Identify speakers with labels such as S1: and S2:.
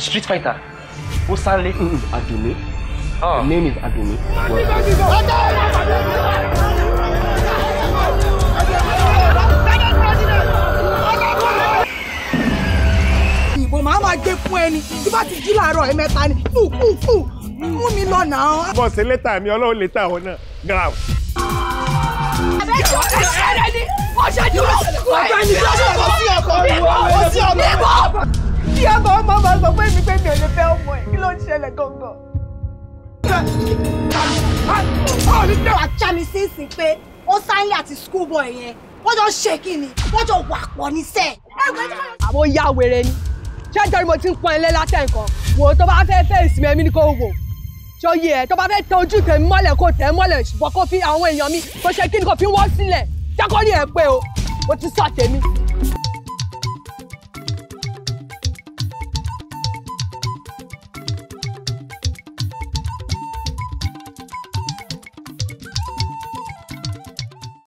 S1: street fighter ó sáré. Adùnní ah. her name is Adùnní.
S2: ìbò màá máa gbé fún ẹni tí bá ti jí làárọ̀ ẹ mẹ́ta ni fún fún fún mú mi lọ́nà.
S3: bọ́ọ̀sì lẹ́tà mi ọlọ́run lẹ́tà wọn náà ground.
S2: àbẹ́jọ́ ọ̀rẹ́ ẹni ọ̀ṣẹ́jú
S4: ṣẹlẹ̀ gangan. ọ̀ ní tẹ̀wá já mi sí ìsìn pé ó sáyé àti schoolboy yẹn wọ́n jọ ṣe kí ni wọ́n jọ wà pọ̀ ní sẹ́. àwọn ya wèrè ni ṣé nítorí mo ti ń pọn ilé látẹ̀ nǹkan wò ó tó bá
S5: fẹ́ fẹ́ ìsinmi ẹ̀mí ni kò wò ṣó yẹ ẹ tó bá fẹ́ tẹ ojú tèmi mọ́lẹ̀ kó tẹ̀ mọ́lẹ̀ ṣùgbọ́n kó fi àwọn èèyàn mi kó ṣe kí ni kó fi wọ́n sílẹ̀ jákọ́ ni ẹ̀ pé o mo ti sọ tèmi.